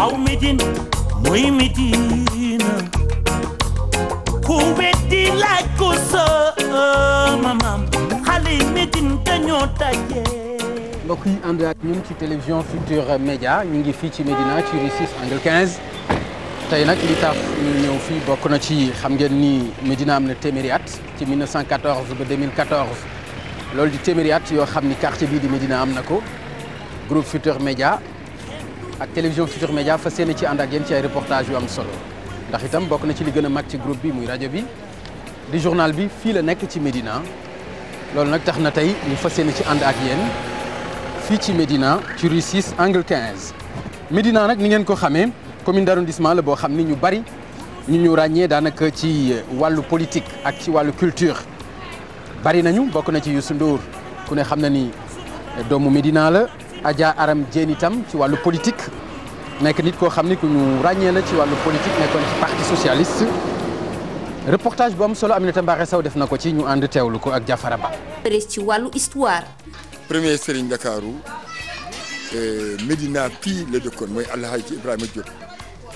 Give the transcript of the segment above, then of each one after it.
waaw Médine muy Médina ku weddi laaj ko sama maam xale Médine dañoo daje mbokk yi ànd ak ñun ci télévision Futurs Médias ñu ngi fii ci Médina ci rue 6 angle 15 tey nag li fii bokk na ci xam ngeen ni Médina am na téeméeri at ci 1914 ba 2014 loolu di témériat at yoo xam ni quartier bii di Médina am na ko groupe Futurs Médias ak télévision Futur Média fas yéene ci ànd ak yéen ci ay reportage yu am solo ndax itam bokk na ci li gën a mag ci groupe bi muy rajo bi di journal bi fii la nekk ci Médina loolu nag tax na tey ñu fas yéene ci ànd ak yéen fii ci Médina ci rue 6 angle 15 Médina nag ni ngeen ko xamee commune d'arrondissement la boo xam ni ñu bari ñu ñu ràññee daanaka ci wàllu politique ak ci wàllu culture bari nañu bokk na ci Youssou Ndour ku ne xam na ni doomu Médina la Adja Aram Dieng itam ci wàllu politique nekk nit koo xam ni ku ñu ràññee la ci wàllu politique nekkoon ci parti socialiste reportage bu am solo Aminata Mbaare Sow def na ko ci ñu ànd teewlu ko ak Jafara Ba. ci wàllu histoire. premier sëriñ Ndakaaru euh, Medina fii la dëkkoon mooy Alhaji Ibrahima Diop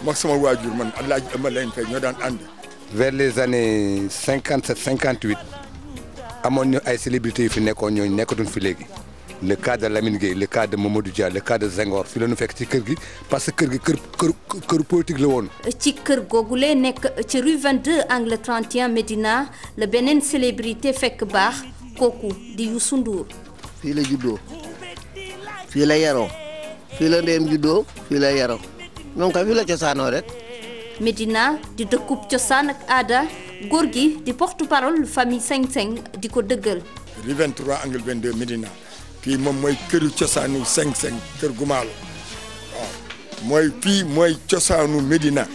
moom sama waajur man Alhaji Ama Lañ Fay ñoo daan ànd. vers les années cinquante sept cinquante amoon ñu ay célébrités yu fi nekkoon ñooñu nekkatuñ fi léegi. le cas de Lamine Gueye le cas de Mamadou Dia le cas de Senghor fi la nu fekk ci kër gi parce que kër gi kër kër kër politique la woon. ci kër googule nekk ci rue 22 angle 31 Médina la beneen célébrité fekk baax kooku di Youssou Ndour. fii la juddoo fii la yaroo fii la ndeyam juddoo la yaroo moom kay fii la cosaanoo rek. Médina di dëkkub cosaan ak aada góor gi di porte parole famille Seng Seng di ko dëggal. rue 23 angle 22 Médina. fii moom mooy kër cosaanu Seng Seng kër Gumaalo waaw mooy fii mooy cosaanu Médina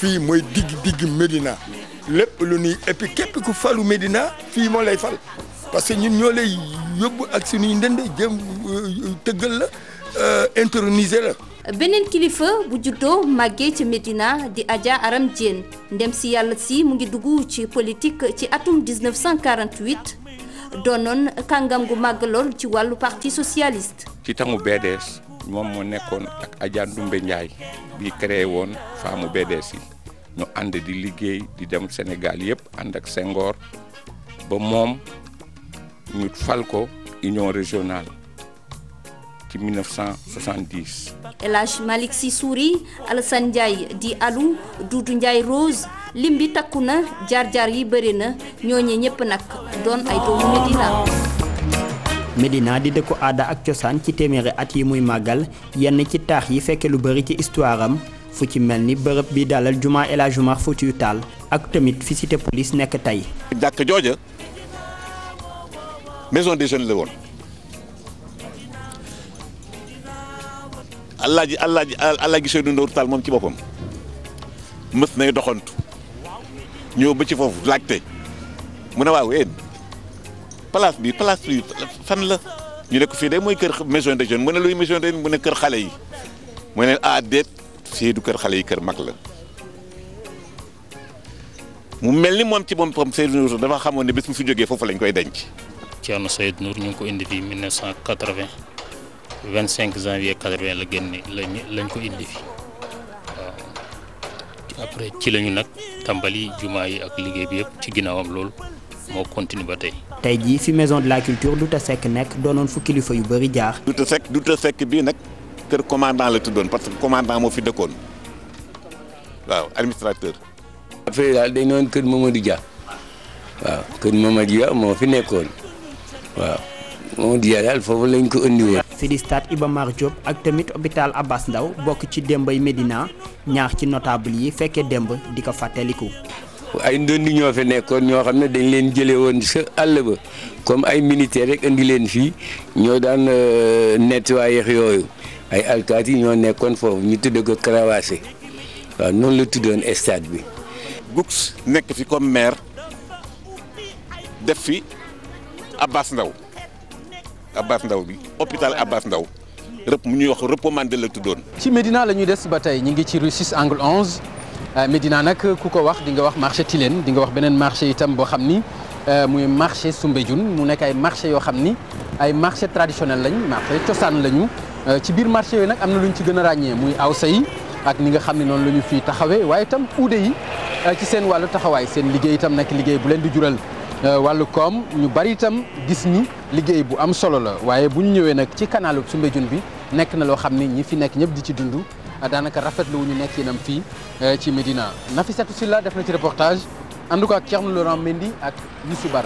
fii mooy digg-digg Médina lépp lu nuy et képp ku falu Médina fii moo lay fal parce que ñun ñoo lay yóbbu ak suñuy ndënd jëm euh, tëggal la euh, introniser la. beneen kilifa bu juddoo màggee ci Médina di Adja Aram Diène ndem si yàlla si mu ngi dugg ci politique ci atum 1948. doonoon kàngam gu màgg lool ci wàllu parti socialiste. ci tamu BDS moom moo nekkoon ak Adja Ndumbe Ndiaye bi créé woon faamu BDS yi ñu ànd di liggéey di dem Sénégal yëpp ànd ak Senghor ba moom ñu fal ko union régionale. ci 1970. El Hadj Malick Sy Souris di Alou Doudou Ndiaye Rose lim bi takku na jaar-jaar yi bëri na ñooñe ñëpp nag doon ay doomu Medina. Medina di dëkku aada ak cosaan ci téeméeri at yi muy màggal yenn ci taax yi fekke lu bëri ci histoire fu ci mel ni bërëb bi dalal jumaa El Hadj Omar Foutiyou Tall ak tamit fi cité police nekk tey. jàkk jooja maison des jeunes la woon. Alaaji Alaaji Alaaji moom ci boppam mës nay doxantu ñëw ba ci foofu laajte mu ne waaw yéen place bi place bi fan la ñu ne ko fii de mooy kër maison de jeune mu ne luy maison de mu ne kër xale yi mu ne ah déet fii kër xale yi kër mag la mu mel ni moom ci moom tam Seydou Nour dafa xamoon ne bis mu fi jógee foofu lañ koy denc. Thierno Seydou Nour ñu ngi ko indi fii 1980 25 janvier 80 la génne lañ lañ ko indi fii. après ci lañu nag tàmbali jumaa yi ak liggéey bi yëpp ci ginnaawam loolu moo continue ba tey. tey jii fi maison de la culture Douta Seck nekk doonoon fu kilifa yu bëri jaar. Douta Seck Douta sekk bii nag kër commandant la tuddoon parce que commandant moo fi dëkkoon waaw administrateur. après daal dañ doon kër Mamadou Dia waaw kër Mamadou Dia moo fi nekkoon waaw Mamadou Dia daal foofu lañ ko indi woon fii di stade Iba Mar ak tamit hôpital Abass Ndao bokk ci démbay Médina ñaax ci notable yi fekkee démb di ko fàttaliku. ay ndondi ñoo fi nekkoon ñoo xam ne dañ leen jëlee woon sa àll ba comme ay militaire rek indi leen fii ñoo daan euh, nettoyer yooyu ay alkaati ñoo nekkoon foofu ñu tudde ko Karawaase waaw noonu la tuddoon stade bi. Guks nekk fi comme maire def fi Abass Ndao Abass Ndao bi hôpital Abass Ndao rëpp mu ñuy wax recommandé la tuddoon. ci Médina la ñuy des ba tey ñu ngi ci rue 6 angle 11 euh, Médina nag ku ko wax di nga wax marché Tilène di nga wax beneen marché itam boo xam ni euh, muy marché Soumbédioune mu nekk ay marché yoo xam ni ay marché traditionnel lañ marché cosaan lañu euh, ci biir marché yooyu nag am na lu ñu ci gën a ràññee muy awsa yi ak ni nga xam ne noonu la ñu fiy taxawee waaye itam uude yi ci seen wàllu taxawaay seen liggéey itam nag liggéey bu leen di jural. Euh, wàllu koom ñu bari itam gis ni liggéey bu am solo la waaye bu ñu ñëwee nag ci kanaalu kanalu Soumbédioune bi nekk na loo xam ni ñi fi nekk ñëpp di ci dund daanaka rafetlu wu ñu nekk nam fii euh, ci Médina Nafissatou la def na ci reportage. en tout cas Thierno Laurent Mendy ak Youssou Bar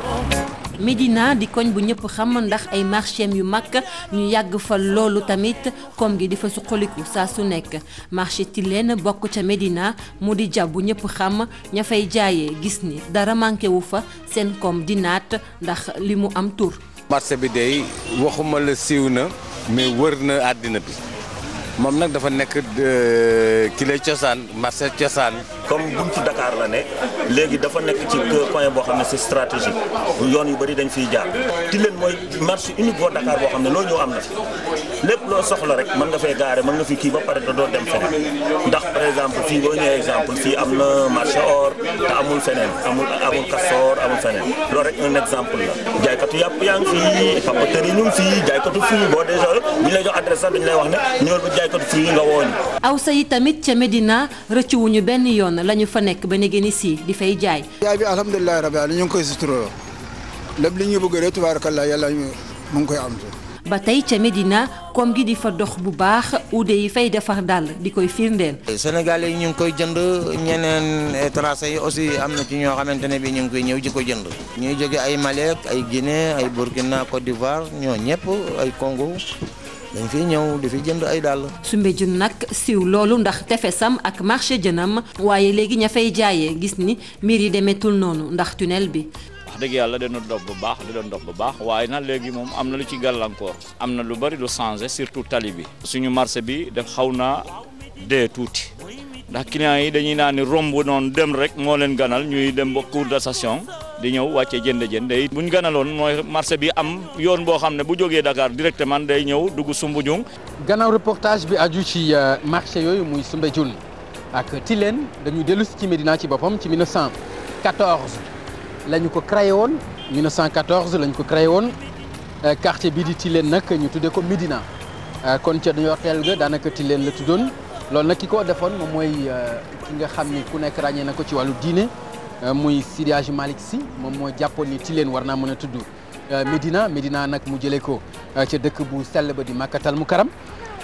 Médina di koñ bu ñëpp xam ndax ay marchéem yu mag ñu yàgg fa loolu tamit koom gi di fa suqaliku saa su nekk marché Tilène bokk ca Médina mu di jàpp bu ñëpp xam ña fay jaaye gis ni dara manqué wu fa seen koom di naat ndax li mu am tur. marché bi day waxuma la siiw na mais wër na àddina bi moom nag dafa nekk euh, kile cosaan marché cosaan. comme buntu Dakar la ne léegi dafa nekk ci coin boo xam ne c'est stratégique yoon yu bëri dañ fiy jaar Tilène mooy marché unique boo Dakar xam ne loo ñëw am na lépp loo soxla rek mën nga fay gaare mën nga fi kii ba pare da doo dem feneen ndax par exemple fii boo ñëwee exemple fii am na marché or te amul feneen amul amul kastoor amul feneen loo rek un exemple la jaaykatu yàpp yaa ngi fii papeterie yi ñu ngi fii jaaykatu fruit boo déjà ñu lay jox adresse sax dañu lay wax ne ñëwal ba jaaykatu fruit yi nga wooñu aw sa yi benn yoon noonu la ñu fa nekk ba nekkee ni sii di fay jaay. jaay bi alhamdulilah rabi ala ñu ngi koy suturoo lépp li ñu bëgg rek tubaarakallah yàlla mu ngi koy am. ba tey ca Medina koom gi di fa dox bu baax uude yi fay defar dàll di koy firndeel. Sénégalais yi ñu ngi koy jënd ñeneen étranger yi aussi am na ci ñoo xamante ne bii ñu ngi koy ñëw di ko jënd. ñuy jóge ay Malek ay Guinée ay Burkina Côte d'Ivoire ñoo ñëpp ay Congo. dañ fiy ñëw di fi jënd ay dàll. Soumbédioune nag siiw loolu ndax tefesam ak marché jënam waaye léegi ña fay jaayee gis ni mbir yi demetul noonu ndax tunnel bi. wax dëgg yàlla dana dox bu baax da doon dox bu baax waaye nag léegi moom am na lu ci gàllankoor. am na lu bari lu changé surtout tali bi. suñu marché bi def xaw naa dee tuuti ndax client yi dañuy naan ni romb noon dem rek moo leen ganal ñuy dem ba cour de station di ñëw wàcce jënd jënd day bu ñu ganaloon mooy marché bi am yoon boo xam ne bu jógee Dakar directement day ñëw dugg sumbu Soumbédioune. gannaaw reportage bi aju ci euh, marché yooyu muy Soumbédioune ak Tilène dañu dellu ci Médina ci boppam ci 1914 la ñu ko créé woon 1914 la ñu ko créé woon euh, quartier bii di Tilène nag ñu tuddee ko Médina euh, kon ca dañoo teel ga ti leen la tuddoon. loolu nag ki ko defoon moom mooy euh, ki nga xam ni ku nekk ràññee na ko ci wàllu diine euh, muy Seydi Hadji si moom moo jàppoon ni leen war naa mën a tudd euh, Médina Médina nag mu jëlee ko ca dëkk bu sell ba di Makkatal Mukarram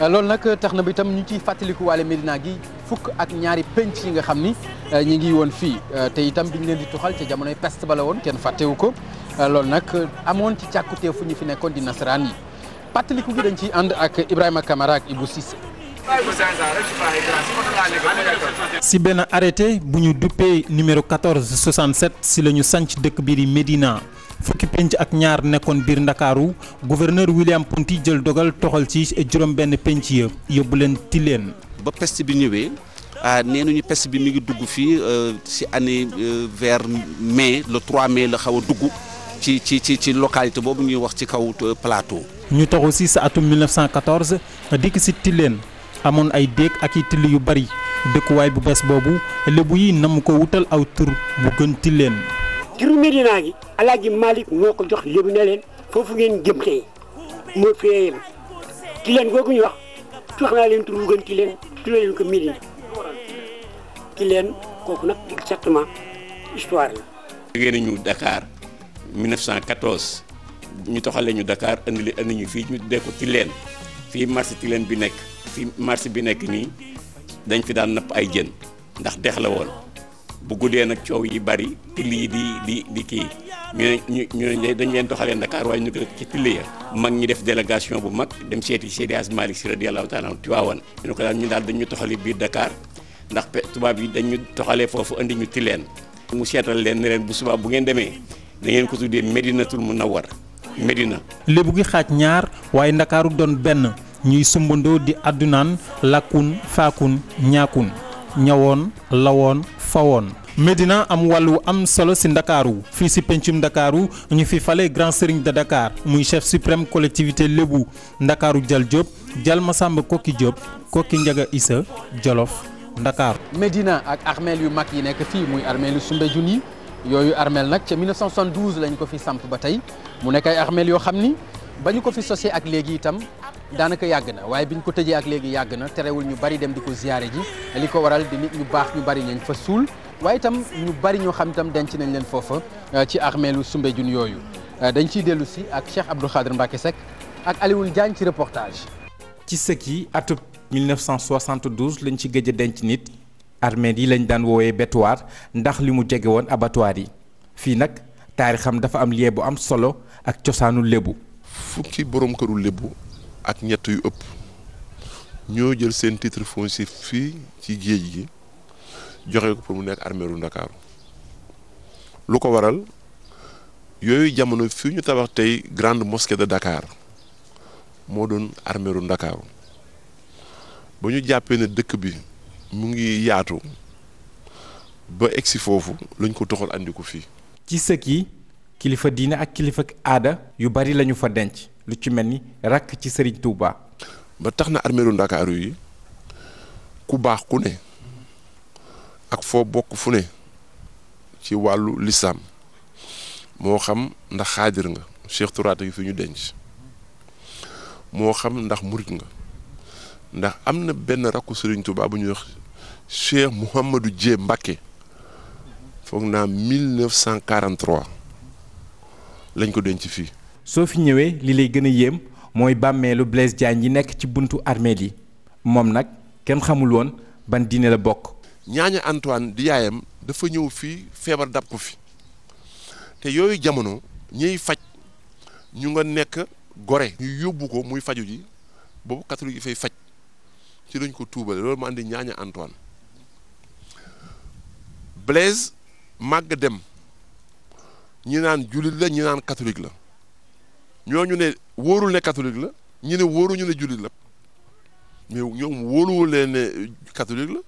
loolu nag tax na bi itam ñu ciy fàttaliku waale Médina gi fukk ak ñaari penc yi nga xam ni ñu ngi woon fii te itam biñ leen di tuxal ca jamonoy peste bala woon kenn fàttewu ko loolu nag amoon ci càkkutee fu ñu fi nekkoon di nasaraan yi fàttaliku gi ànd ak Ibrahima Camara ak ci benn arrêté bu ñu duppee numéro 14 67 si la ñu sanc dëkk biir Médina fukki penc ak ñaar nekkoon biir Ndakaaru gouverneur William Ponty jël dogal toxal ci juróom-benn penc yëpp yóbbu leen Tilène. ba pest bi ñëwee ah nee nañu bi mi ngi dugg fii euh, si année euh, ver mais le 3 mai la xaw a dugg ci ci ci ci localité boobu ñuy wax ci kaw euh, plateau. ñu toxu si sa atum 1914 dikk si Tilène. amoon ay déeg ak i till yu bari dëkkuwaay bu bees boobu lébu yi namu ko wutal aw tur bu gën tilleen turu Medina gi alaaji Malick moo ko jox lébu ne leen foofu ngeen jëm tey moo fee yem tilleen googu wax wax naa leen tur bu gën tilleen tuddee leen ko Medina tilleen kooku nag exactement histoire la. jógee nañu Dakar ñu toxalee ñu Dakar andi li andi ñu fii ñu dee ko tilleen fii marché tilleen bi nekk. fi marché bi nekk nii dañ fi daan napp ay jën ndax dex la woon bu guddee nag coow yi bari till yi di di di kii ñu ne ñu ñu dañ leen doxalee Dakar waaye ñu ko ci till ya mag ñi def bu mag dem seeti Seydi Hadji Malick Sy radiyallahu taala Tiwaawan ñu ne ko daal ñu daal dañu toxali biir Dakar ndax tubaab yi dañu toxalee foofu indi ñu tilleen mu seetal leen ne leen bu subaa bu ngeen demee da ko tuddee Medinatul Munawwar Medina. lébu gi xaaj ñaar waaye Ndakaaru doon benn. ñuy sumbandoo di àddunaan lakkun faakun ñaakun ñawoon lawoon fawoon Médina am wàllu am solo si ndakaaru fii si pencum ndakaaru ñu fi fale grand serigne de ndakaar muy chef suprême collectivité lébu ndakaaru Jal Diop Jal Masamba Kokki Diop Kokki Njaga Issa Jolof Ndakaaru Médina ak armeel yu mag yi nekk fii muy armeel yu Soumbédioune yi yooyu armeel nag ca 1972 lañ ko fi samp ba tey mu nekk ay armeel yoo xam ni ba ñu ko fi sosee ak léegi itam daanaka yàgg na waaye bi ñu ko tëjee ak léegi yàgg na terewul ñu bari dem di ko ziyaare ji li ko waral di nit ñu baax ñu bari ñañ fa suul waaye itam ñu bari ñoo xam itam denc nañ leen foofa euh, ci armeelu Soumbédioune yooyu euh, dañ ciy dellu si ak Cheikh Abdou Khadre Mbacké Seck ak aliwul Diagne ci reportage. ci sëkk yi atub 1972 lañ ci gëj a denc nit armeel yi lañ daan woowee bétuwaar ndax li mu jege woon abattoir yi fii nag taarixam dafa am lien bu am solo ak cosaanu lébu. fukki borom këru lébu ak ñett yu ëpp ñoo jël seen titre foncier fii ci géej gi joxe ko pour mu nekk armeeru Ndakaaru lu ko waral yooyu jamono fii ñu tabax tey grande mosquée de Dakar moo doon armeeru Ndakaaru ba ñu jàppee ne dëkk bi mu ngi yaatu ba egsi foofu lañ ko toxal àndiku ko fii. ci sëkk yi kilifa diine ak kilifa aada yu bari lañu fa denc. lu ci mel ni rakk ci Serigne Touba. ba tax na armeeru Ndakaaru yi ku baax ku ne ak foo bokk fu ne ci wàllu lislaam moo xam ndax xaadir nga Cheikh Tourate yi fi ñu denc moo xam ndax murit nga ndax am na benn rakku sëriñ Touba bu ñuy wax Cheikh Mouhamadou Dié Mbacké foog naa 1943 lañ ko denc fii. soo fi ñëwee li lay gën a yéem mooy bàmmeelu Blaise Diagne yi nekk ci buntu armeel yi moom nag kenn xamul woon ban diine la bokk. ñaaña Antoine di yaayam dafa ñëw fii feebar dab ko fi te yooyu jamono ñuy faj ñu nga nekk gore. ñu yóbbu ko muy faju ji boobu catholique yi fay faj ci lañ ko tuubale loolu mu àndi ñaaña Antoine Blaise màgg dem ñi naan jullit la ñi naan catholique la. ñoo ñu ne wóorul ne catholique la ñu ne wóoruñu ne jullit la mais ñoom wóoruwul leen ne catholique la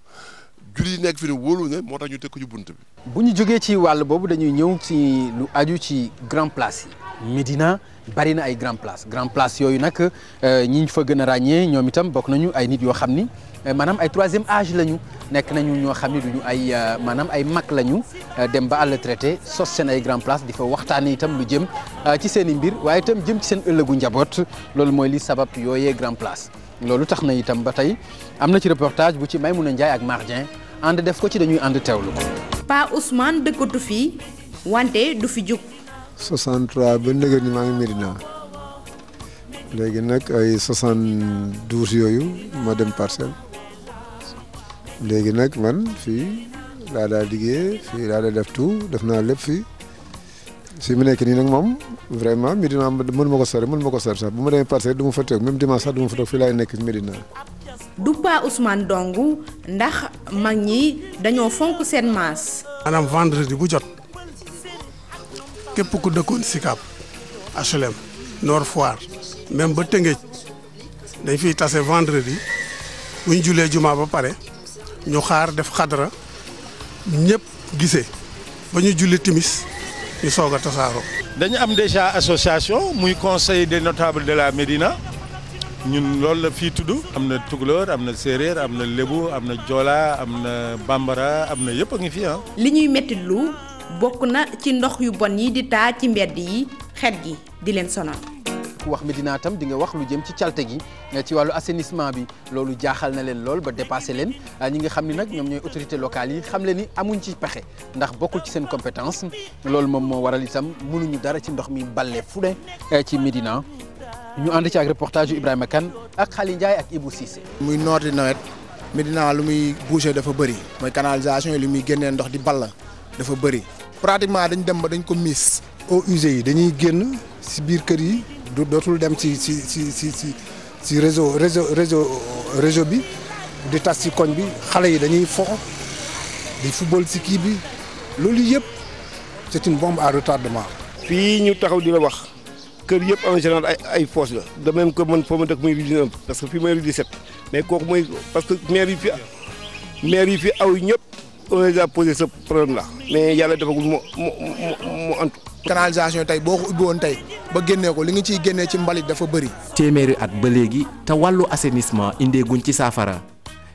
jullit yi nekk fi ne wóoru ne moo tax ñu teg ko ci bunt bi. bu ñu jógee ci wàll boobu dañuy ñëw ci lu aju ci grand place yi. Médina bari na ay grand place grand place yooyu nag euh, ñi ñu fa gën a ràññee ñoom itam bokk nañu ay nit yoo xam ni. Euh, maanaam ay troisième age lañu nekk nañu ñoo xam ne duñu ay euh, maanaam ay mag lañu euh, dem ba à la retraite sos seen ay grand place di fa waxtaanee itam lu jëm ci seeni i mbir waaye itam jëm ci seen ëllëgu njaboot loolu mooy li sabab yooyee grand loolu tax na itam ba tey am na ci reportage bu ci Maimouna Ndiaye ak Mardien ànd def ko ci dañuy ànd teewlu ko. Pa Ousmane dëkkatu fii wante du fi jug. 63 ba ndëgër ni maa ngi Médina léegi nag ay 72 yooyu ma dem parcelle. léegi nag man fii laa daa liggéey fii laa daa def tout def naa lépp fii si mu nekk nii nag moom vraiment Médina mënuma ko sori mënuma ko sori sax bu ma demee parcelle du ma fa toog même dimanche sax du ma fa toog fii laay nekk Médina. du Pa dong ndax mag ñi dañoo fonk seen maas. maanaam vendredi bu jot képp ku dëkkoon Sicap HLM Nord Foire même ba Tëngéej dañ fi tase vendredi bu ñu julee jumaa ba pare. ñu xaar def xadra ñëpp gisee ba ñu julli timis ñu soog a tasaaroo. dañu am déjà association muy conseil des notables de la Médina ñun loolu la fii tudd am na tukulóor am na séeréer am na lébu am na joola am na bambara am na yëpp a ngi fi ah. li ñuy métti lu bokk na ci ndox yu bon yi di taa ci mbedd yi xet gi di leen sonal. ku wax Médina tam di nga wax lu jëm ci calte gi eh, ci wàllu assainissement bi loolu jaaxal na leen lool ba dépassé leen eh, ñi nga xam ni nag ñoom ñooy autorités locale yi xam leen ni amuñ ci pexe ndax bokkul ci seen compétence loolu moom moo waral itam mënuñu dara ci ndox mi balle fu ne eh, ci Médina ñu ànd ci ak reportage yu Ibrahima Kane ak Xali ak Ibou Cissé. muy noor nawet Médina lu muy bouché dafa bëri mooy canalisation yi lu muy génnee ndox di ball dafa bëri pratiquement dañ dem ba dañ ko miis eaux usées yi dañuy génn si biir kër yi du dootul dem ci si si si ci ci réseau réseau réseau réseau bi di tas ci koñ bi xale yi dañuy fo di football si kii bi loolu yëpp c'est une bombe à retardement. fii ñu taxaw di la wax kër yëpp en général ay ay la. de même que man foo ma dëkk muy rue 19 parce que fii mooy rue 17 mais kooku mooy parce que maire yi fi maire yi fi aw ñëpp on les a posé ce problème là mais yàlla defagul mu mu mu mu canalisation tey boo ko tey. ba génnee ko li nga ciy génne ci mbalit dafa bëri. téeméeri at ba léegi te wàllu assainissement indeeguñ ci saafara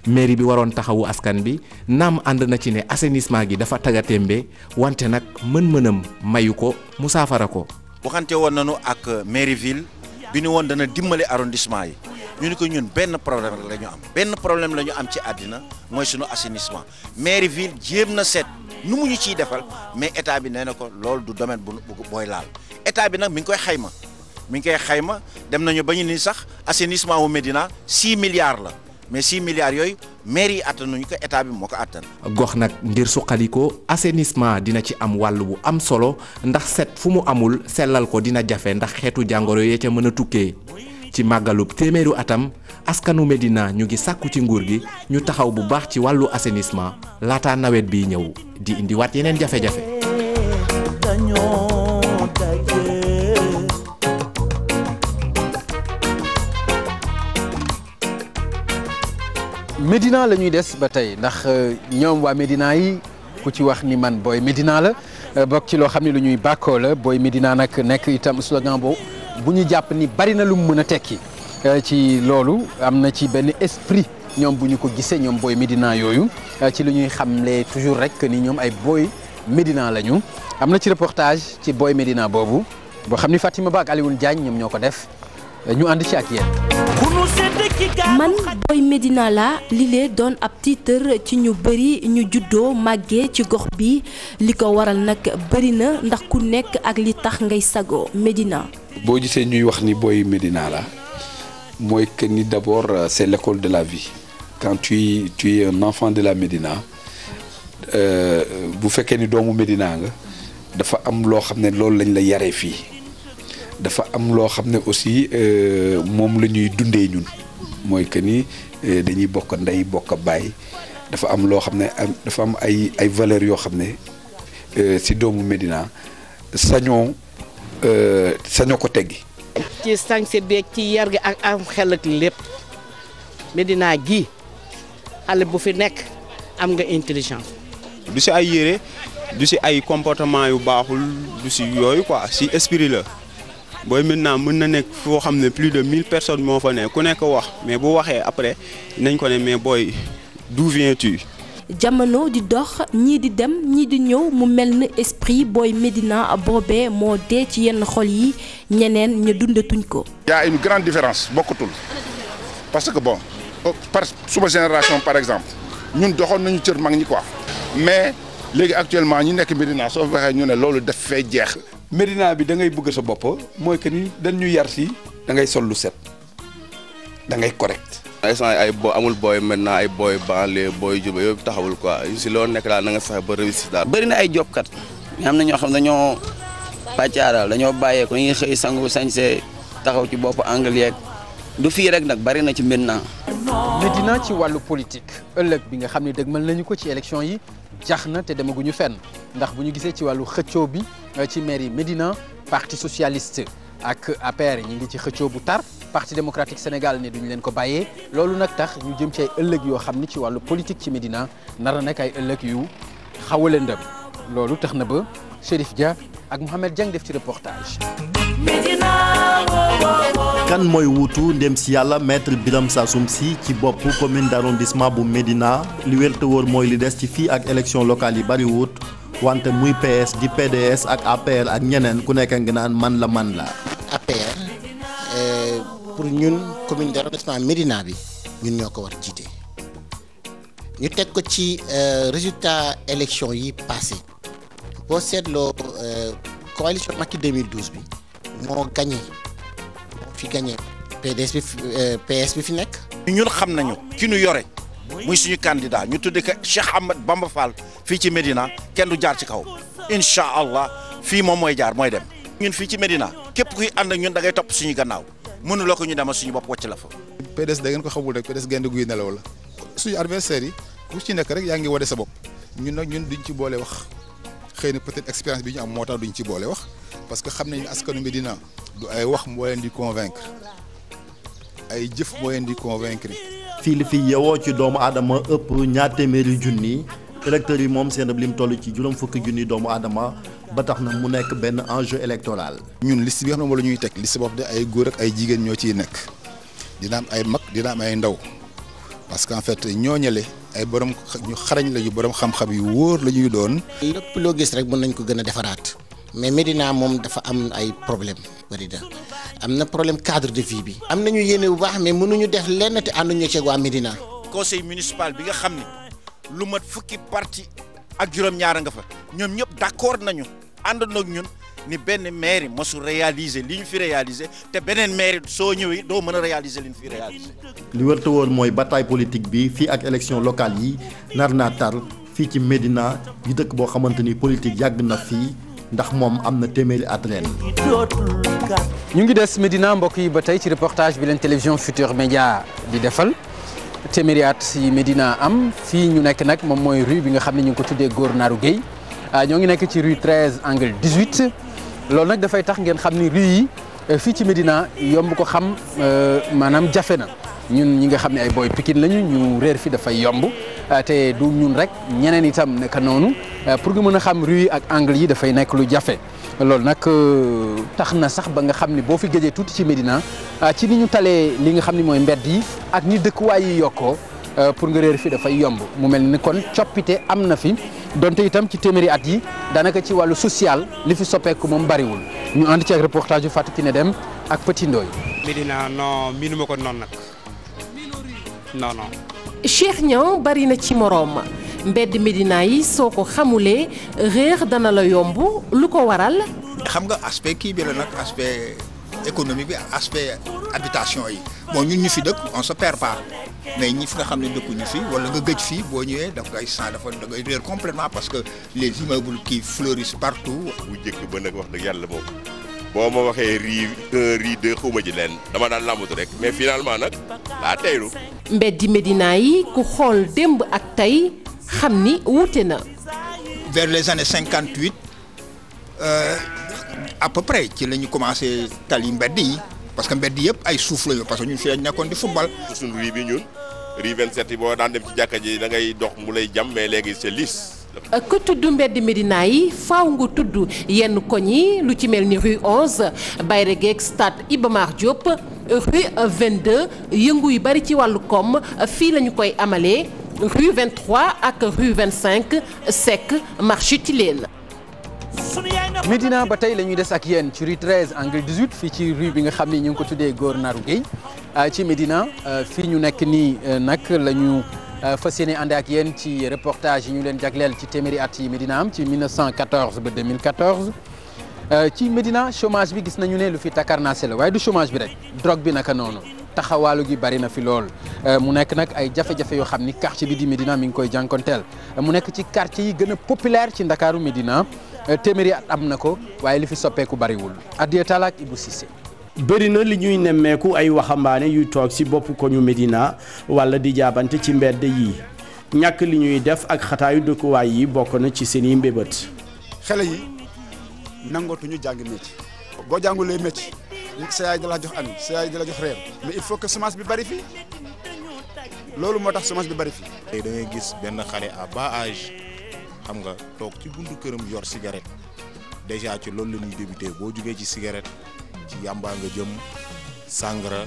mairie bi waroon taxawu askan bi naam ànd na ci ne assainissement gi dafa tagatémbe wante nag mën-mënam mayu ko mu saafara ko. waxante woon nañu ak mairie ville bi ñu woon dana dimbale arrondissement yi. ñu ni ko ñun benn problème la ñu am benn problème la ñu am ci àddina mooy suñu assainissement mairie ville jéem na seet nu mu ñu ciy defal mais état bi nee na ko loolu du domaine bu booy laal état bi nag mi ngi koy xayma mi ngi koy xayma dem nañu ba ñu ni sax assainissement wu Médina 6 milliards la mais 6 milliards yooyu maire yi àttanuñu ko état bi moo ko àttan. gox nag ngir suqalikoo assainissement dina ci am wàll bu am solo ndax set fu mu amul sellal ko dina jafe ndax xeetu jàngoro yee ca mën a tukkee ci màggalub téeméeru atam askanu Médina ñu ngi sàkku ci nguur gi ñu taxaw bu baax ci wàllu assainissement laata nawet biy ñëw di indiwaat yeneen jafe-jafe. Médina la ñuy des ba tey ndax euh, ñoom waa Médina yi ku ci wax ni man booy Médina la euh, bokk ci loo xam ne lu ñuy bàkkoo la booy Médina nag nekk itam slogan boobu bu ñu jàpp ni bari na lu mu mën a tekki euh, ci loolu am na ci benn esprit ñoom bu ñu ko gisee ñoom booy Médina yooyu ci lu ñuy xamle toujours rek ni ñoom ay booy Médina la ñu am na ci reportage ci booy Médina boobu boo xam ni Fatima Ba ak Alioune Diagne ñoom ñoo ko def ñu ànd ci ak yéen man Boy Médina la lilee doon ab tiitër ci ñu bëri ñu juddoo màggee ci gox bi li ko waral nag bëri na ndax ku nekk ak li tax ngay sago Médina. boo gisee ñuy wax ni Boy Médina la mooy que ni d'abord euh, c'est l'école de la vie quand tu tu es enfant de la Médina euh, bu fekkee ni doomu Médina nga dafa am loo xam ne loolu lañ la yaree fii dafa am loo xam ne aussi euh, moom la ñuy dundee ñun. mooy que ni eh, dañuy bokk ndey bokk baay dafa am loo xam ne dafa am ay ay valeurs yoo xam ne eh, si doomu Médina sañoo eh, sañoo ko teggi ci sañse beeg ci yar gi ak am xel ak lépp Médina gi xale bu fi nekk am nga intelligence du si ay yére du si ay comportement yu baaxul du si yooyu quoi si esprit la booy maintenant mën na nekk foo xam ne plus de mille personnes moo fa ne ku nekk wax mais bu waxee après nañ ko ne mais booy d'où viens-tu jamono di dox ñii di dem ñii di ñëw mu mel ni esprit booy Médina boobee moo dee ci yenn xol yi ñeneen ña dundatuñ ko. y une grande différence bokkutul parce que bon euh, par suma génération par exemple ñun doxoon nañu cër mag ñi quoi mais léegi actuellement ñi nekk Médina soo waxee ñu ne loolu daf fay jeex. Médina bi da ngay bëgg sa bopp mooy que ni dañ ñu yar si da ngay sol lu set da ngay correct. instant ay bo amul booy maintenant ay booy banlieue booy jub yooyu taxawul quoi si loolu na nga fexe ba réussir daal. bëri na ay jobkat am na ñoo xam dañoo pàccaaral dañoo bàyyeeku ñu ngi xëy sangu sañse taxaw ci bopp anglais du fii rek nag bëri na ci Médina. Médina ci wàllu politique ëllëg bi nga xam ne dëgmal nañu ko ci élection yi. jax na te demaguñu fenn ndax bu ñu gisee ci wàllu xëccoo bi euh, ci mairie Médina parti socialiste ak APR ñi ngi ci xëccoo bu tar parti democratique Sénégal ne ñu leen ko bàyyee loolu nag tax ñu jëm ci ay ëllëg yoo xam ni ci wàllu politique ci Médina nar a nekk ay ëllëg yu xaw a lëndëm loolu tax na ba Chérif Dia ak Mouhamed Dieng def ci reportage. Médina kan mooy wuutu ndem si yàlla biram sa Sassoum si ci bopp commune d'arrondissement bu Médina li wér te mooy li des ci fii ak élection locale yi bari wut wante muy PS di PDS ak APR ak ñeneen ku nekk nga naan man la man la. APR euh, pour ñun commune d'arrondissement Médina bi ñun ñoo ko war jiite ñu teg ko ci euh, résultat élection yi passé boo seetloo euh, coalition Macky 2012 bi moo gagné. fi gagné PDS bi euh, PS bi fi nekk. ñun xam nañu ki ñu yore muy suñu candidat ñu tuddee ko Cheikh Ahmed Bamba Fall fii ci Medina kenn du jaar ci kaw incha allah fii moom mooy jaar mooy dem. ñun fii ci Medina képp kuy ànd ak ñun da ngay topp suñu gannaaw mënuloo ko ñu demal suñu bopp wàcc la fa. PDS da ngeen ko xamul rek PDS gaynde guy nelaw la suñu adversaire yi ku ci nekk rek yaa ngi wane sa bopp ñun nag ñun duñ ci boole wax. xëy na peut-être expérience bi ñu am moo tax duñ ci boole wax parce que xam nañ ne askanu dina du ay wax moo leen di convaincre ay jëf moo leen di convaincre. fii li fi yewoo ci doomu aadama ëpp ñaar téeméeri junni électeurs yi moom seen lim toll ci juróom fukki junni doomu aadama ba tax na mu nekk benn enjeu électoral. ñun liste bi nga xam ne moom la ñuy teg liste boobu de ay góor ak ay jigéen ñoo ciy nekk dina am ay mag dina am ay ndaw. parce qu'en fait ñooñale ay borom ñu xarañ la yu borom xam-xam yu wóor la ñuy doon. lépp loo gis rek mën nañ ko gën a defaraat mais Médina moom dafa am ay problème bëri da am na problème cadre de vie bi. am nañu yéene bu baax mais mënuñu def lenn te ànduñu ceeg waa Médina. conseil municipal bi nga xam ne lu mat fukki parti ak juróom-ñaar nga fa ñoom ñëpp d'accord nañu àndandoo ak ñun. ni benn mairie mosu réaliser li ñu fi réaliser te beneen mairie soo ñëwee doo mën a réaliser li ñu fi réaliser. li wërta woon mooy bataille politique bi fii ak élection locale yi naar naa tar fii ci Médina di dëkk boo xamante ni politique yàgg na fii. ndax moom am na téeméeri at leen ñu ngi des Médina mbokk yi ba tey ci reportage bi leen télévision Futur Média di defal téeméeri at yi Médina am fii ñu nekk nag moom mooy rue bi nga xam ne ñu ngi ko tuddee Góor Naaru Guèye ah, ñoo ngi nekk ci rue 13 angle 18 loolu nag dafay tax ngeen xam ni rue yi euh, fii ci Médina yomb ko xam euh, maanaam jafe na ñun ñi nga xam ne ay booy Pikine lañu ñu reer fi dafay yomb euh, te du ñun rek ñeneen itam nekk noonu pour nga mën a xam rue ak angle yi dafay nekk lu jafe loolu nag tax na sax ba nga xam ni boo fi gëjee tuuti ci Médina ci ni ñu talee li nga xam ni mooy mbedd yi ak ni dëkkuwaay yi yokkoo Euh, pour nga réer fi dafay yomb mu mel ni kon coppite am na fi donte itam ci téeméeri at yi daanaka ci wàllu social li fi soppeeku moom bariwul ñu ànd ci ak reportage yu Fatou Kiné Deme ak Petit Ndoye. Medina non miinu ma noonu nag non Cheikh Niang bari na ci moroom mbedd Medina yi soo ko xamulee réer dana la yomb lu ko waral. xam nga aspect kii bi la nag aspect économie bi aspect habitation yi bon ñu ñu fi dëkk on se perd mais ñi fi nga xam ne dëkkuñu fi wala nga gëj fi boo ñëwee daf ngay sans dafa da ngay réer complètement parce que les immeubles qui fleurissent partout. bu njëkk ba nag wax dëgg yàlla moom boo ma waxee rii un riz deux xuma ji leen dama daan làmbatu rek mais finalement nag laa teylu. mbeddi Médina yi ku xool démb ak tey xam ni wute na. vers les années cinquante huit euh, à peu près ci la ñu commencé tali mbedd yi. parce que mbedd yëpp ay suuf la yoo parce que ñun fii lañ nekkoon di football. suñ riz bi ñun riz boo daan dem ci jàkka ji dangay ngay dox mu lay jam mais léegi c'est lisse. Euh, ko tudd mbedd Médina yi faaw nga tudd yenn koñ yi lu ci mel ni rue 11 Bayre Gueye stade Iba Mar Diop rue 22 yëngu yu bari ci wàllu koom fii la ñu koy amalee rue 23 ak rue 25 sec marché Tilène. Médina ba tey la ñuy des ak yéen ci rue 13 angle 18 fii ci rue bi nga xam ni ñu ngi ko tuddee Góor Naaru Guèye ah, ci Médina ah, fii ñu nekk nii ah, nag lañu ñu fas yéene ak yéen ci reportage yi ñu leen jagleel ci téeméeri at yi Médina am ci 1914 ba 2014 ci Médina chômage bi gis nañu ne lu fi takarnaase la waaye du chômage bi rek drogue bi naka noonu taxawaalu gi bari na fi lool mu nekk nag ay jafe-jafe yoo xam ni quartier bi di Médina mi ngi koy jànkonteel mu nekk ci quartier yi gën a ci Ndakaaru Médina Euh, téeméeri at am na ko waaye li fi soppeeku bariwul addiya Talla ak Ibou Cissé bëri na li ñuy nemmeeku ay waxambaane yuy toog ci bopp ñu Medina walla di jaabante ci mbedd yi ñàkk li ñuy def ak xataayu dëkkuwaay yi bokk na ci seeni mbébét. xale yi nangootuñu jàng métier boo jàngulee métier sa yaay dala jox añ sa yaay dala jox reer mais il faut que semence bi bari fii loolu moo tax semence bi bari fii. da gis benn xale à bas âge. xam nga toog ci buntu këram yor cigarette déjà ci loolu la ñuy boo jugee ci cigarette ci yàmbaa nga jëm sàngara.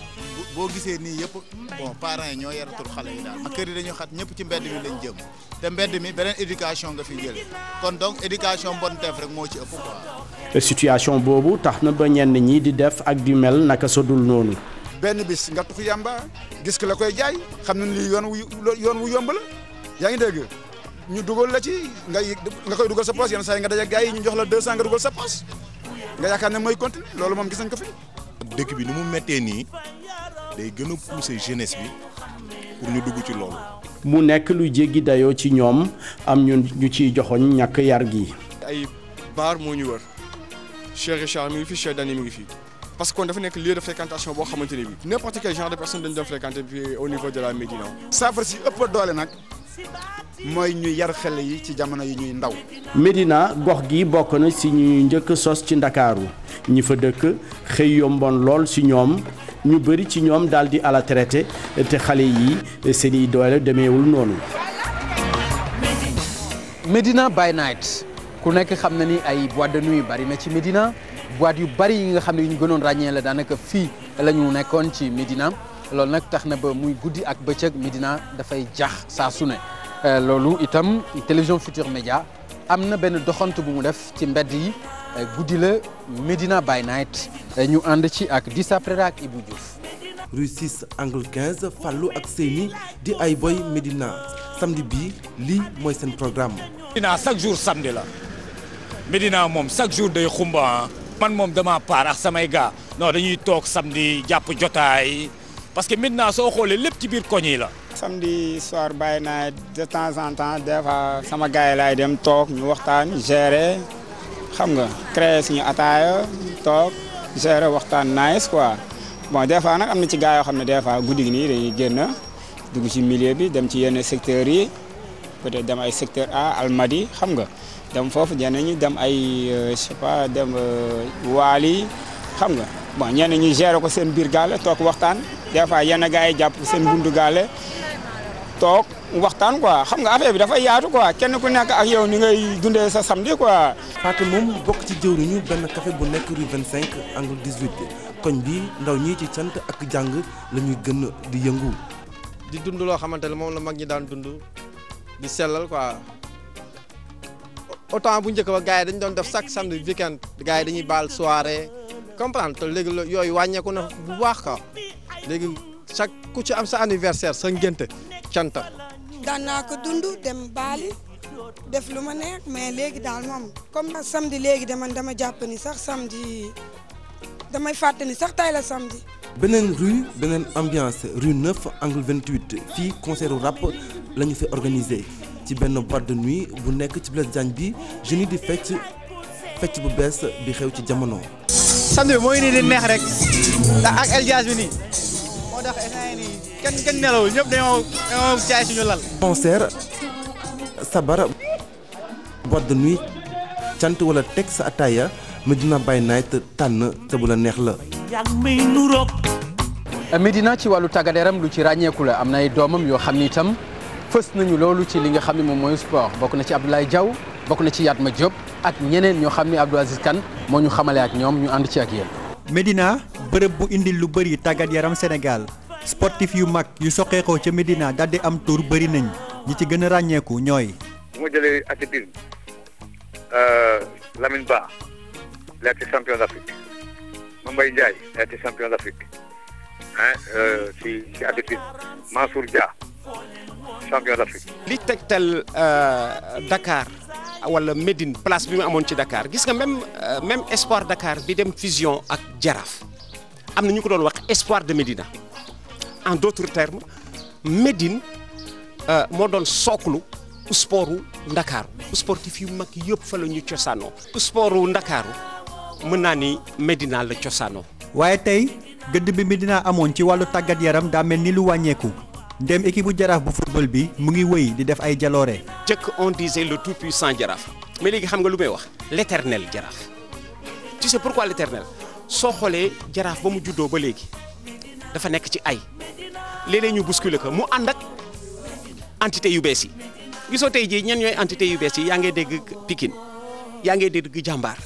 boo gisee nii yëpp bon parent yi ñoo yaratul xale yi daal. kër yi dañu xat ñëpp ci mbedd mi lañ jëm te mbedd mi beneen éducation nga fi jëlee kon donc éducation mbonteef rek moo ci ëpp quoi. situation boobu tax na ba ñenn ñi di def ak di mel naka sa dul noonu. benn bis nga tux yàmba gis ki la koy jaay xam ne lii yoon wu yoon yaa ngi dégg. ñu dugal la ci nga nga koy dugal sa poche yenn saa yi nga daje gars yi ñu jox la 200 nga dugal sa poche nga yaakaar ne mooy continuer loolu moom gis nañ ko fi. dëkk bi ni mu méttee nii day gën a pousser jeunesse bi pour ñu dugg ci loolu. mu nekk lu jéggi dayoo ci ñoom am ñun ñu ciy joxoñ ñàkk yar gi. ay baar moo ñu wër Cheikh Richard mi ngi fi Cheikh Dany mi ngi fi. parce kon dafa nekk lieu de fréquentation boo xamante ne bii n'importe quel de personne dañu doon la Médina. saafara si doole nag. mooy ñu yar xale yi ci jamono yi ñuy ndaw. Médina gox gi bokk na si ñuy njëkk sos ci ndakaaru ñi fa dëkk xëy yomboon lool ci ñoom ñu bari ci ñoom daal di à te xale yi seeni doole demewul noonu. Médina by night ku nekk xam na ni ay boîte de nuit bari na ci Médina boîte yu bari yi nga xam ne yu ñu gënoon ràññee la daanaka fii lañu nekkoon ci Médina. loolu nag tax na ba muy guddi ak bëccëg Médina dafay jax saa su ne euh, loolu itam télévision Futur Média am na benn doxantu bu mu def ci mbedd yi euh, guddi la Médina by night euh, ñu ànd ci ak Dissa Prera ak Ibou Diouf. rue 6 angle 15 ak Seyni di ay boy Médina samedi bi lii mooy seen programme. Médina chaque jour samedi la Médina moom chaque jour day xumba ah. man moom dama paar ak samay gars non dañuy toog samedi jàpp jotaay. parce que maintenant soo xoolee lépp ci biir koñ yi la. samedi soir bàyyi naa de temps en temps des fois sama gars yi laay dem toog ñu waxtaan gérer xam nga créer suñu ataaya toog gérer waxtaan nice quoi bon des fois nag am na ci gars yoo xam ne des fois guddi gi nii dañuy génn dugg ci milieu bi dem ci yenn secteur yi peut-être dem ay secteur A Almadi xam nga dem foofu ñenn ñi dem ay euh, je sais pas dem euh, Waali xam nga bon ñenn ñi gérer ko seen biir gaal toog waxtaan. des fois yenn gars yi jàpp seen buntu gaale toog waxtaan quoi xam nga affaire bi dafa yaatu quoi kenn ku nekk ak yow ni ngay dundee sa samedi quoi. Fatou moom bokk ci jëw nañu benn café bu nekk rue 25 angle 18 koñ bi ndaw ñi ci sant ak jàng la ñuy di yëngu. di dund loo xamante ne moom la mag ñi daan dund di sellal quoi autant bu njëkk ba gars yi dañ doon def chaque samedi weekend gars yi dañuy baal soirée comprendre te léegi yooyu wàññeeku na bu baax ka léegi chaque ku ci am sa anniversaire sa ngénte canta daan naa ko dund dem baali def lu ma neex mais léegi daal moom comme nag léegi dama dama jàpp ni sax samedi damay fàtte ni sax tay la samedi. beneen rue beneen ambiance rue 9 angle 28 fii concert rap la ñu fi organisé ci benn boîte de nuit bu nekk ci Blaise Diagne bi jeune di fecc fecc bu bees bi xew ci jamono. samedi bi mooy nii di neex rek ndax ak El bi nii. moo tax instant nii kenn kenn nelawul dañoo dañoo suñu lal. concert sabar boîte de nuit cant wala teg sa ataaya Medina Baye Night tànn te bu la neex la. Medina ci wàllu tàggat lu ci ràññeeku la am na ay doomam yoo xam ni itam fës nañu loolu ci li nga xam ne moom mooy sport bokk na ci Abdoulaye jaw bokk na ci yaat ma Diop ak ñeneen ñoo xam ne Abdou Aziz Kane moo ñu xamale ak ñoom ñu ànd ci ak yéen. Medina. bërëb bu indi lu bëri tàggat yaram senegal sportif yu mag yu soqeekoo ca Medina daal di am tur bëri nañ ñi ci gën a ràññeeku ñooy. bu ma jëlee athlétisme euh, Lamine Ba nekk champion d'Afrique champion d'Afrique ah ci champion d'Afrique. li tegtal euh, Dakar. wala Médine place bi mu amoon ci dakaar gis nga même même Espoir dakaar bi dem fusion ak Jaraaf am na ñu ko doon wax espoir de Médina en d'autres termes Médine euh, moo doon sooklu sportu Ndakaaru sportif yu mag yëpp fa la ñu cosaanoo wu Ndakaaru mën naa ni Médina la cosaanoo waaye tey gëdd bi dinaa amoon ci wàllu tàggat yaram daa mel ni lu wàññeeku ndem équipe bu jaraaf bu football bi mu ngi wëy di def ay jaloore. jëkk on disait le tout puissant jaraaf mais léegi xam nga lu may wax l'éternel jaraaf tu sais pourquoi l'éternel soo xoolee jaraaf ba mu juddoo ba léegi dafa nekk ci ay léeg ñu bousculer ko mu ànd ak entité yu bees yi gisoo tey jii ñen ñooy entité yu bees yi yaa ngay dégg Pikine yaa ngay dégg jàmbaar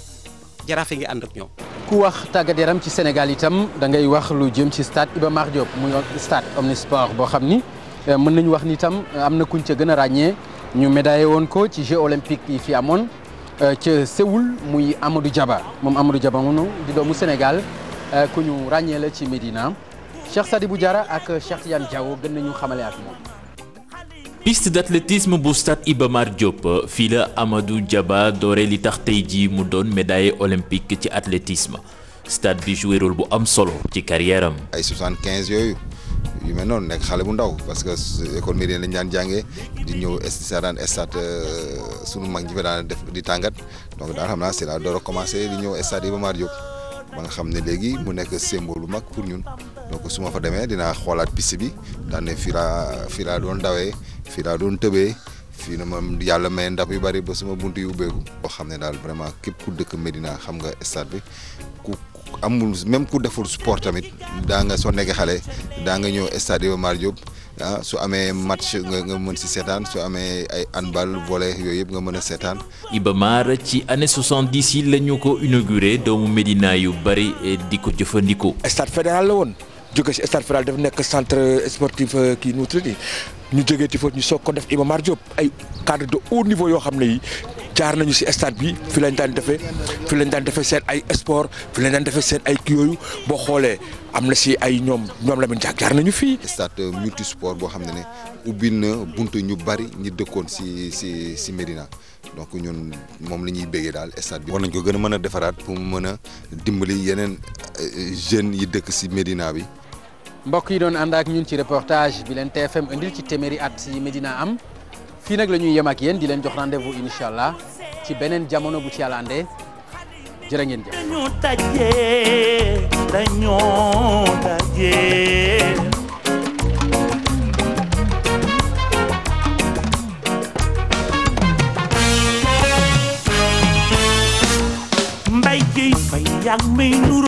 jaraaf yi ngi ànd ak ñoom. ku wax tàggat yaram ci Sénégal itam da ngay wax lu jëm ci stade Iba Mar Diop muy stade omnisport boo xam ni mën nañu wax ni itam am na kuñ ca gën a ràññee ñu médaillé woon ko ci Jeux olympiques yi fi amoon. Euh, ca Séoul muy Amadou Diaba moom Amadou Diaba moom di doomu Sénégal euh, ku ñu ràññee la ci Médina Cheikh Sadibou Diarra ak Cheikh Tidiane Diawo gën nañu xamale ak moom. piste d'athlétisme bu stade Iba Mar Diop fii la Amadou Diaba doore li tax tey jii mu doon médaille olympique ci athlétisme stade bi joué rôle bu am solo ci carrière am. ay 75 yooyu. yu mel noonu nekk xale bu ndaw parce que école mairie lañ daan jàngee di ñëw sa daan stade euh, sunu mag ñi fa daan def di tàngat donc daal xam naa c'est la door a commencé di ñëw stade Iba Mar Diop ba nga xam ne léegi mu nekk symbole bu mag pour ñun donc su ma fa demee dinaa xoolaat piste bi daan fii laa fii doon dawee fii laa doon tëbee fii na moom yàlla may ndab yu bari ba suma bunt yu ubbeeku boo xam ne daal vraiment képp ku dëkk Médina xam nga stade bi amul même ku deful sport tamit daa nga soo nekk xale daa nga ñëw stade Iba Mar Diop ah su amee match nga nga mën si seetaan su amee ay handball volley yooyu yëpp nga mën a seetaan. Iba Mar ci année 70 yi la ñu ko inauguré doomu Medina yu bari eh, di ko jëfandikoo. stade fédéral la woon jóge si stade fédéral dafa nekk centre sportif eh, kii nu ñu jógee ci foofu ñu soog ko def Iba Mar Diop ay cadre de haut niveau yoo xam ne yi jaar nañu si stade bi fi lañ daan defee fi lañ daan defee seen ay sport fi lañ daan defee seen ay kii boo xoolee am na si ay ñoom ñoom la ñu jaar jaar nañu fii. stade multisport boo xam ne ne ubbi na buntu ñu bari ñi dëkkoon si si si Médina donc ñun moom la ñuy béggee daal stade bi. war nañ ko gën a mën a defaraat pour mu mën a dimbali yeneen euh, jeunes yi dëkk si Médina bi. mbokk yi doon ànd ak ñun ci reportage bi leen TFM indil ci téeméeri at yi Médina am. fii nag lañuy ñuy yem ak yéen di leen jox rendez-vous incha ci beneen jamono bu ci yàlla àndee jërë tajee mbay jéy fay yàgg may nuru